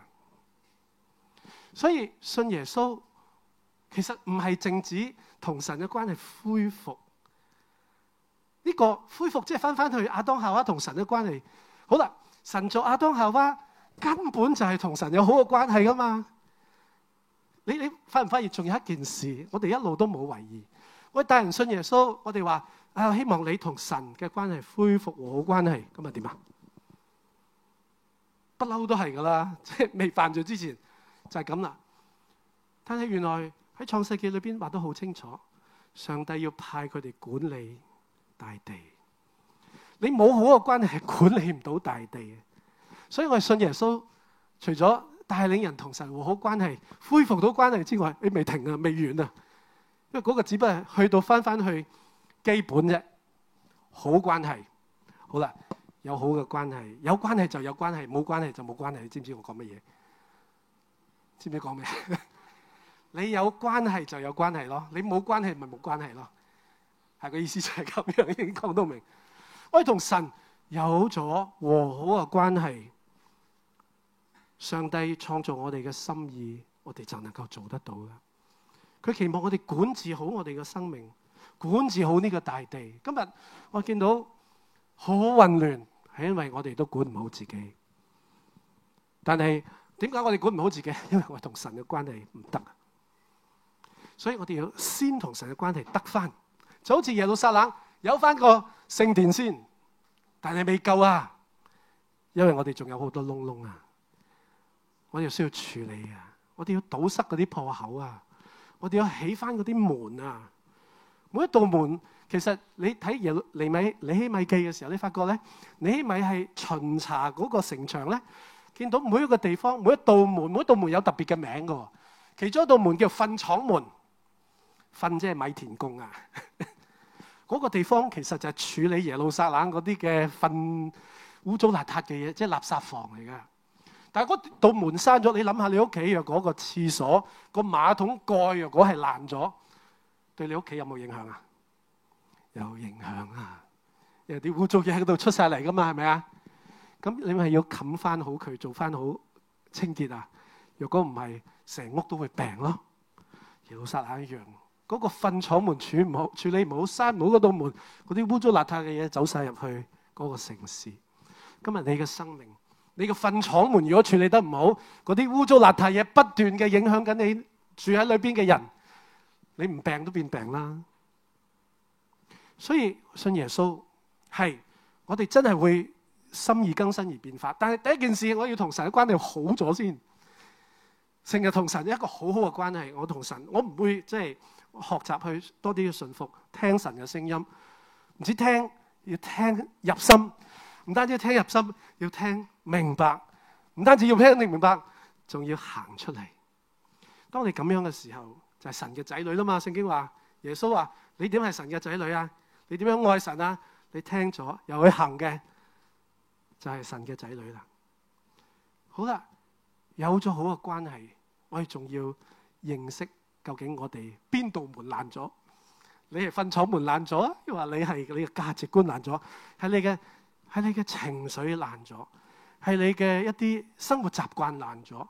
所以信耶穌其實唔係淨止同神嘅關係恢復，呢個恢復即係翻返去亞當夏娃同神嘅關係。好啦。神造阿當夏娃，根本就係同神有好嘅關係噶嘛？你你發唔發現？而仲有一件事，我哋一路都冇懷疑。喂，大人信耶穌，我哋話啊，希望你同神嘅關係恢復和好關係，咁啊點啊？不嬲都係噶啦，即係未犯罪之前就係咁啦。但係原來喺創世紀裏邊話得好清楚，上帝要派佢哋管理大地。你冇好嘅關係，管理唔到大地嘅，所以我係信耶穌，除咗帶領人同神和好關係，恢復到關係之外，你、哎、未停啊，未完啊，因為嗰個只不過係去到翻翻去基本啫，好關係。好啦，有好嘅關係，有關係就有關係，冇關係就冇關係，你知唔知我講乜嘢？知唔知講咩？知知道 你有關係就有關係咯，你冇關係咪冇關係咯，係、這個意思就係咁樣，已經講到明。可以同神有咗和好嘅關係，上帝創造我哋嘅心意，我哋就能夠做得到啦。佢期望我哋管治好我哋嘅生命，管治好呢個大地。今日我見到好混亂，係因為我哋都管唔好自己。但係點解我哋管唔好自己？因為我同神嘅關係唔得，所以我哋要先同神嘅關係得返，就好似耶路撒冷有返個。聖殿先，但係未夠啊，因為我哋仲有好多窿窿啊，我哋需要處理啊，我哋要堵塞嗰啲破口啊，我哋要起翻嗰啲門啊。每一道門，其實你睇耶利米尼希米記嘅時候，你發覺咧，尼希米係巡查嗰個城牆咧，見到每一個地方，每一道門，每一道門有特別嘅名噶、啊。其中一道門叫糞廠門，糞即係米田共啊。嗰個地方其實就係處理耶路撒冷嗰啲嘅糞污糟邋遢嘅嘢，即係垃圾房嚟噶。但係嗰道門閂咗，你諗下，你屋企若嗰個廁所個馬桶蓋若果係爛咗，對你屋企有冇影響啊？有影響啊！有啲污糟嘢喺度出晒嚟噶嘛，係咪啊？咁你咪要冚翻好佢，做翻好清潔啊！若果唔係，成屋都會病咯。耶路撒冷一樣。嗰個糞廠門處理唔好，處理唔好，閂唔好嗰道門，嗰啲污糟邋遢嘅嘢走晒入去嗰、那個城市。今日你嘅生命，你個糞廠門如果處理得唔好，嗰啲污糟邋遢嘢不斷嘅影響緊你住喺裏邊嘅人，你唔病都變病啦。所以信耶穌係，我哋真係會心意更新而變化。但係第一件事，我要同神嘅關係好咗先，成日同神一個好好嘅關係。我同神，我唔會即係。學習去多啲要順服，聽神嘅聲音，唔止聽，要聽入心，唔單止要聽入心，要聽明白，唔單止要聽你明白，仲要行出嚟。當你咁樣嘅時候，就係神嘅仔女啦嘛。聖經話，耶穌話：你點係神嘅仔女啊？你點樣愛神啊？你聽咗又去行嘅，就係神嘅仔女啦。好啦，有咗好嘅關係，我哋仲要認識。究竟我哋邊度門爛咗？你係糞廠門爛咗啊？抑或你係你嘅價值觀爛咗？係你嘅係你嘅情緒爛咗？係你嘅一啲生活習慣爛咗？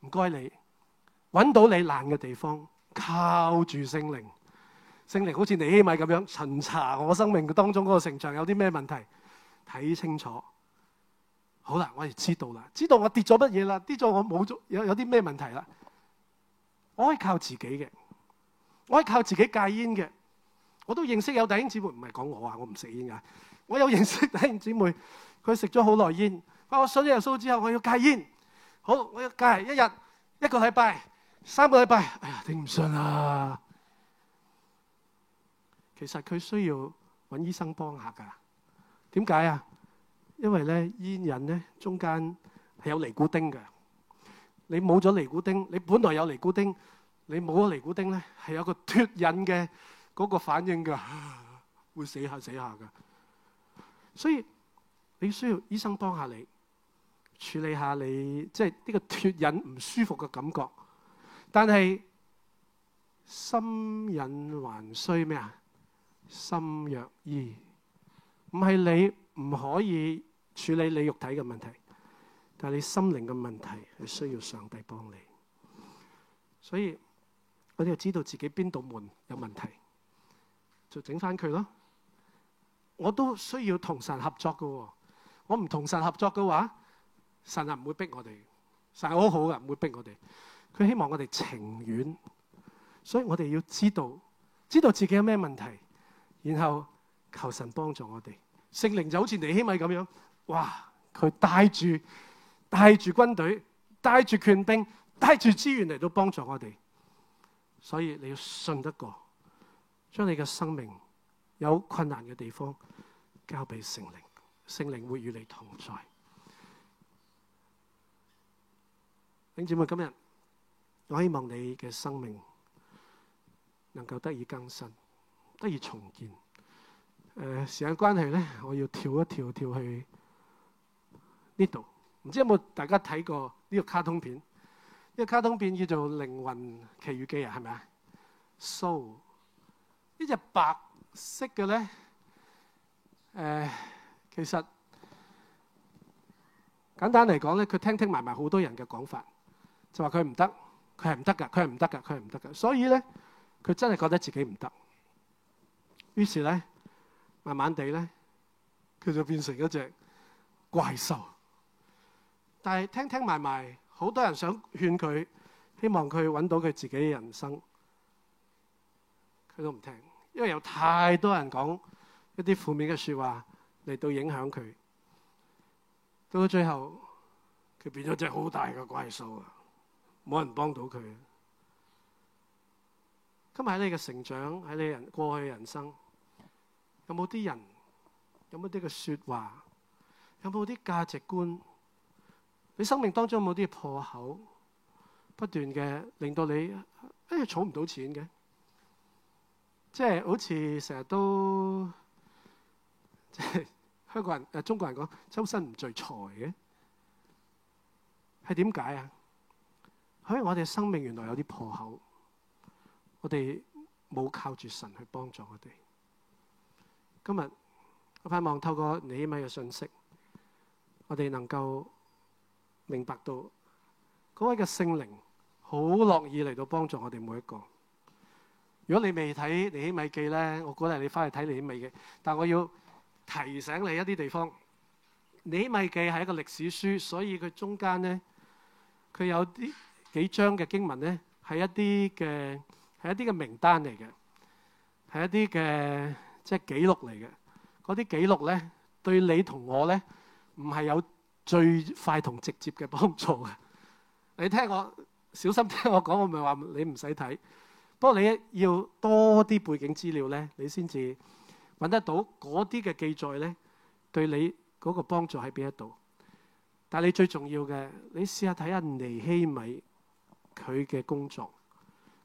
唔該你，揾到你爛嘅地方，靠住聖靈，聖靈好似尼希米咁樣巡查我生命當中嗰個成長有啲咩問題，睇清楚。好啦，我哋知道啦，知道我跌咗乜嘢啦，跌咗我冇咗有有啲咩問題啦。我可以靠自己嘅，我可以靠自己戒煙嘅。我都認識有弟兄姊妹，唔係講我啊，我唔食煙㗎。我有認識弟兄姊妹，佢食咗好耐煙，話我上咗耶穌之後我要戒煙。好，我要戒一日、一個禮拜、三個禮拜。哎呀，頂唔順啊！其實佢需要揾醫生幫下噶。點解啊？因為咧煙癮咧中間係有尼古丁嘅。你冇咗尼古丁，你本來有尼古丁，你冇咗尼古丁咧，係有個脫癮嘅嗰個反應㗎，會死下死下㗎。所以你需要醫生幫下你處理下你即係呢個脫癮唔舒服嘅感覺。但係心癮還需咩啊？心藥醫。唔係你唔可以處理你肉體嘅問題。但係你心靈嘅問題係需要上帝幫你，所以我哋就知道自己邊度門有問題，就整翻佢咯。我都需要同神合作噶喎，我唔同神合作嘅話，神係唔會逼我哋，神好好噶，唔會逼我哋。佢希望我哋情願，所以我哋要知道知道自己有咩問題，然後求神幫助我哋。聖靈就好似尼希米咁樣，哇！佢帶住。帶住軍隊，帶住權兵，帶住資源嚟到幫助我哋，所以你要信得過，將你嘅生命有困難嘅地方交俾聖靈，聖靈會與你同在。弟兄姊妹，今日我希望你嘅生命能夠得以更新，得以重建。誒、呃，時間關係咧，我要跳一跳，跳去呢度。唔知有冇大家睇過呢個卡通片？呢個卡通片叫做《靈魂奇遇記》啊，係咪啊？So，呢隻白色嘅咧，誒、呃，其實簡單嚟講咧，佢聽聽埋埋好多人嘅講法，就話佢唔得，佢係唔得㗎，佢係唔得㗎，佢係唔得㗎，所以咧，佢真係覺得自己唔得，於是咧，慢慢地咧，佢就變成一隻怪獸。但係聽聽埋埋，好多人想勸佢，希望佢揾到佢自己嘅人生，佢都唔聽，因為有太多人講一啲負面嘅說話嚟到影響佢。到到最後，佢變咗隻好大嘅怪獸啊！冇人幫到佢。今日喺你嘅成長，喺你的人過去嘅人生，有冇啲人，有冇啲嘅說話，有冇啲價值觀？你生命當中有冇啲破口，不斷嘅令到你誒儲唔到錢嘅，即係好似成日都即係香港人誒中國人講周身唔聚財嘅，係點解啊？因為我哋生命原來有啲破口，我哋冇靠住神去幫助我哋。今日我盼望透過尼希米嘅信息，我哋能夠。明白到嗰位嘅聖靈好樂意嚟到幫助我哋每一個。如果你未睇《尼希米記》咧，我估係你翻去睇《尼希米記》。但我要提醒你一啲地方，《尼希米記》係一個歷史書，所以佢中間咧，佢有啲幾章嘅經文咧，係一啲嘅係一啲嘅名單嚟嘅，係一啲嘅即係記錄嚟嘅。嗰啲記錄咧，對你同我咧，唔係有。最快同直接嘅幫助嘅，你聽我小心聽我講，我咪話你唔使睇，不過你要多啲背景資料呢，你先至揾得到嗰啲嘅記載呢，對你嗰個幫助喺邊一度？但係你最重要嘅，你試下睇下尼希米佢嘅工作，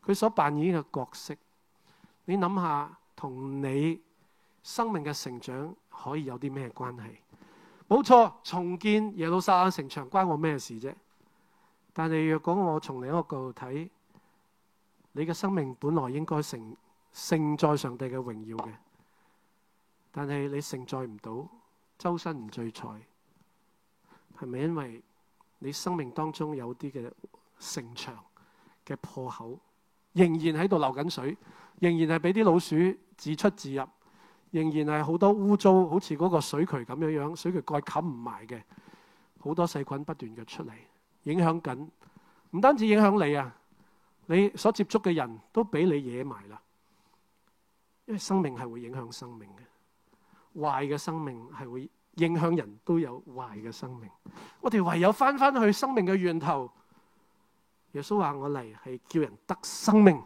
佢所扮演嘅角色，你諗下同你生命嘅成長可以有啲咩關係？冇錯，重建耶路撒冷城牆關我咩事啫？但係若講我從另一個角度睇，你嘅生命本來應該承盛載上帝嘅榮耀嘅，但係你盛載唔到，周身唔聚財，係咪因為你生命當中有啲嘅城牆嘅破口仍然喺度流緊水，仍然係俾啲老鼠自出自入？仍然係好多污糟，好似嗰個水渠咁樣樣，水渠蓋冚唔埋嘅，好多細菌不斷嘅出嚟，影響緊，唔單止影響你啊，你所接觸嘅人都俾你惹埋啦。因為生命係會影響生命嘅，壞嘅生命係會影響人都有壞嘅生命。我哋唯有返返去生命嘅源頭。耶穌話：我嚟係叫人得生命，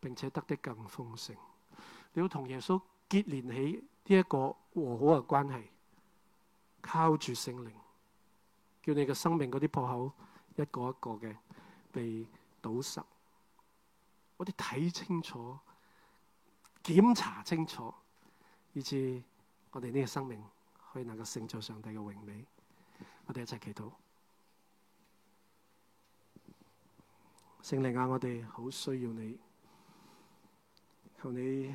並且得的更豐盛。你要同耶穌，結連起呢一個和好嘅關係，靠住聖靈，叫你嘅生命嗰啲破口一個一個嘅被堵塞，我哋睇清楚，檢查清楚，以至我哋呢個生命可以能夠成就上帝嘅榮美，我哋一齊祈禱，聖靈啊，我哋好需要你，求你。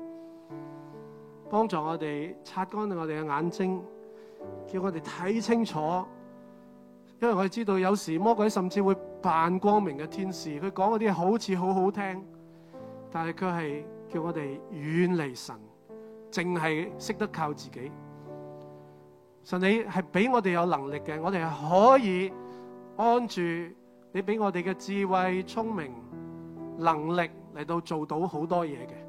幫助我哋擦乾我哋嘅眼睛，叫我哋睇清楚。因為我哋知道有時魔鬼甚至會扮光明嘅天使，佢講啲嘢好似好好聽，但係佢係叫我哋遠離神，淨係識得靠自己。神你係俾我哋有能力嘅，我哋係可以按住你俾我哋嘅智慧、聰明、能力嚟到做到好多嘢嘅。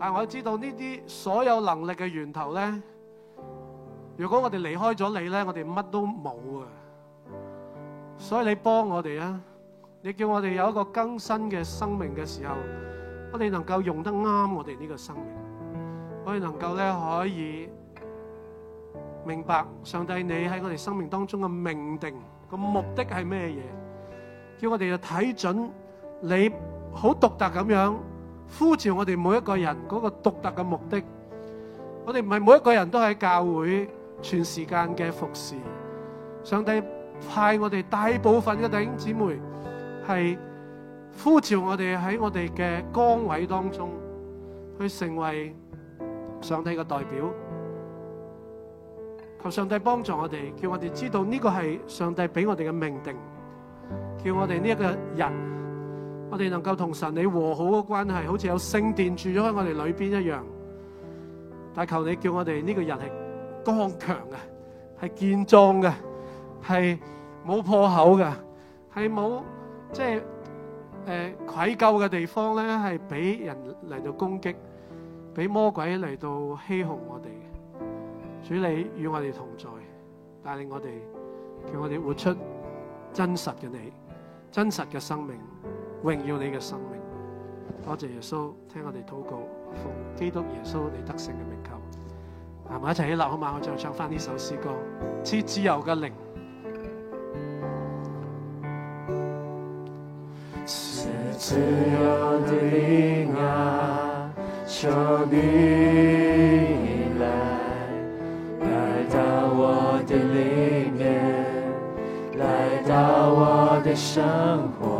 但我知道呢啲所有能力嘅源頭咧，如果我哋離開咗你咧，我哋乜都冇啊！所以你幫我哋啊，你叫我哋有一個更新嘅生命嘅時候，我哋能夠用得啱我哋呢個生命，我哋能夠咧可以明白上帝你喺我哋生命當中嘅命定個目的係咩嘢，叫我哋要睇準你好獨特咁樣。呼召我哋每一個人嗰個獨特嘅目的，我哋唔係每一個人都喺教會全時間嘅服侍，上帝派我哋大部分嘅弟兄姊妹係呼召我哋喺我哋嘅崗位當中去成為上帝嘅代表，求上帝幫助我哋，叫我哋知道呢個係上帝俾我哋嘅命定，叫我哋呢一個人。我哋能夠同神你和好嘅關係，好似有聖殿住咗喺我哋裏邊一樣。但求你叫我哋呢個人係剛強嘅，係健壯嘅，係冇破口嘅，係冇即係誒愧疚嘅地方咧，係俾人嚟到攻擊，俾魔鬼嚟到欺哄我哋。主你與我哋同在，帶領我哋，叫我哋活出真實嘅你，真實嘅生命。榮耀你嘅生命，多謝耶穌，聽我哋禱告，奉基督耶穌你得勝嘅名求，同埋一齊起立，好嘛？我再唱翻呢首詩歌，是自由嘅靈，是自由的靈啊，求你來來到我的裏面，來到我的生活。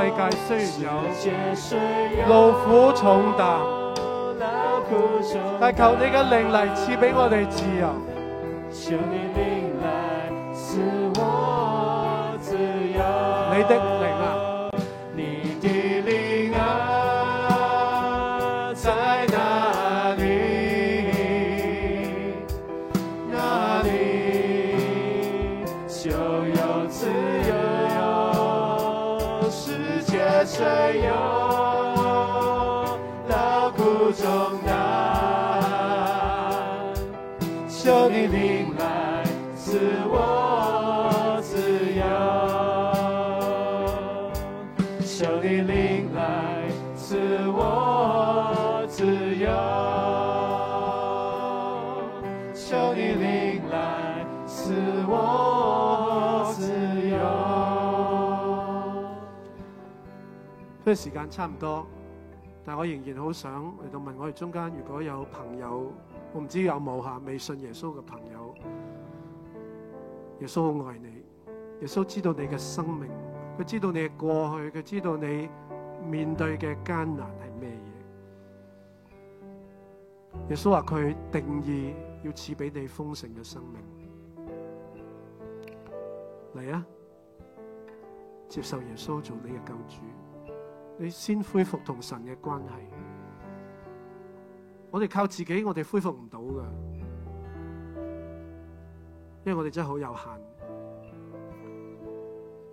世界雖然有勞苦重擔，但求你嘅靈嚟賜俾我哋自由。時間差唔多，但我仍然好想嚟到問我哋中間如果有朋友，我唔知有冇吓未信耶穌嘅朋友。耶穌好愛你，耶穌知道你嘅生命，佢知道你嘅過去，佢知道你面對嘅艱難係咩嘢。耶穌話佢定義要賜俾你豐盛嘅生命。嚟啊，接受耶穌做你嘅救主。你先恢復同神嘅關係。我哋靠自己，我哋恢復唔到㗎，因為我哋真係好有限。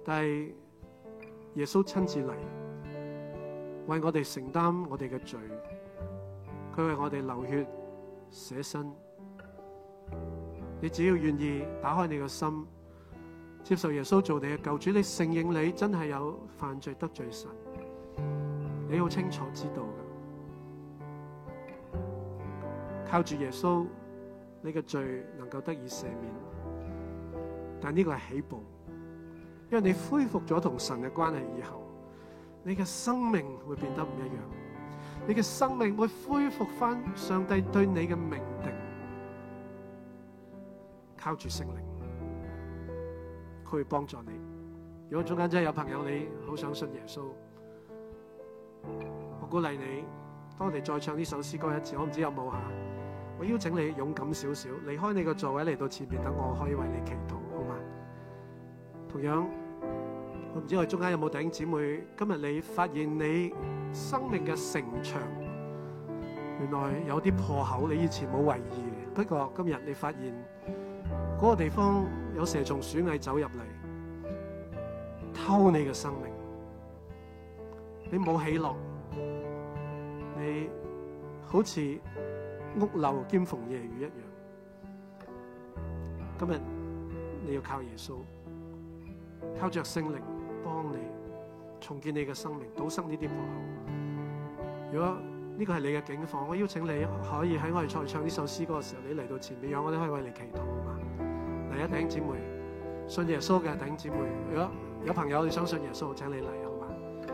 但係耶穌親自嚟，為我哋承擔我哋嘅罪，佢為我哋流血捨身。你只要願意打開你嘅心，接受耶穌做你嘅救主，你承認你真係有犯罪得罪神。你好清楚知道嘅，靠住耶穌，你嘅罪能夠得以赦免。但呢個係起步，因為你恢復咗同神嘅關係以後，你嘅生命會變得唔一樣，你嘅生命會恢復翻上帝對你嘅命定。靠住聖靈，佢會幫助你。如果中間真係有朋友，你好想信耶穌。我鼓勵你，當我哋再唱呢首詩歌一次，我唔知有冇吓。我邀請你勇敢少少，離開你個座位嚟到前面，等我可以為你祈禱，好嗎？同樣，我唔知我哋中間有冇弟兄姊妹，今日你發現你生命嘅城牆，原來有啲破口，你以前冇為意，不過今日你發現嗰個地方有蛇蟲鼠蟻走入嚟，偷你嘅生命。你冇起落，你好似屋漏兼逢夜雨一樣。今日你要靠耶穌，靠着聖靈幫你重建你嘅生命，堵塞呢啲破口。如果呢個係你嘅境況，我邀請你可以喺我哋再唱呢首詩歌嘅時候，你嚟到前面，讓我哋可以為你祈禱啊！嚟啊，弟兄姊妹，信耶穌嘅弟兄姊妹，如果有朋友你想信耶穌，請你嚟。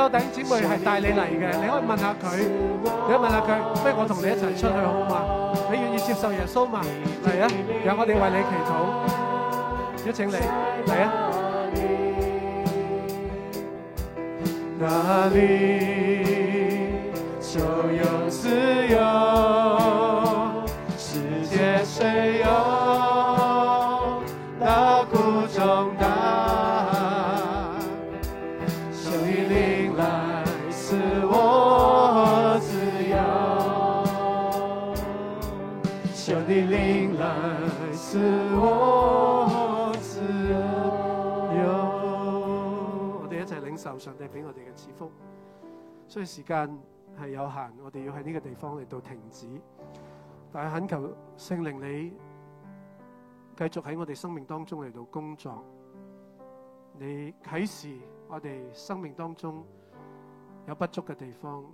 有弟兄姊妹係帶你嚟嘅，你可以問下佢，你可以問下佢，不如我同你一齊出去好嗎？你願意接受耶穌嗎？嚟啊！讓我哋為你祈禱，邀請你嚟啊！哪裏就有自由？世界誰有？來是我自由。我哋一齊領受上帝俾我哋嘅祝福。雖然時間係有限，我哋要喺呢個地方嚟到停止。但係懇求聖靈你繼續喺我哋生命當中嚟到工作，你啟示我哋生命當中有不足嘅地方，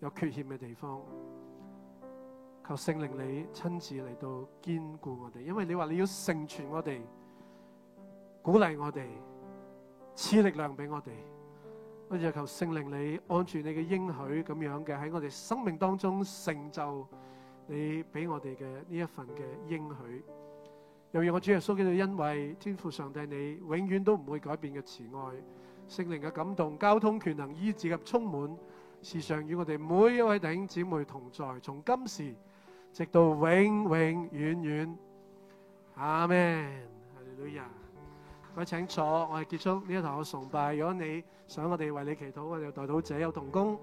有缺陷嘅地方。求聖靈你親自嚟到堅固我哋，因為你話你要成全我哋，鼓勵我哋，賜力量俾我哋。我就求聖靈你按住你嘅應許咁樣嘅喺我哋生命當中成就你俾我哋嘅呢一份嘅應許。又用我主耶穌基督，因為天父上帝你永遠都唔會改變嘅慈愛，聖靈嘅感動、交通、權能、醫治嘅充滿，時常與我哋每一位弟兄姊妹同在。從今時。直到永永遠遠阿門。哈利路亞！各位請坐，我哋結束呢一堂嘅崇拜。如果你想我哋為你祈禱，我哋有代禱者、有同工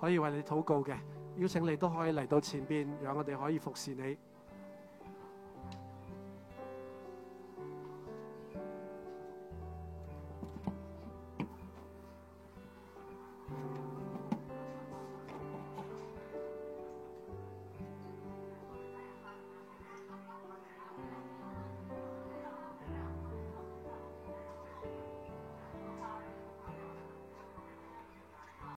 可以為你禱告嘅，邀請你都可以嚟到前邊，讓我哋可以服侍你。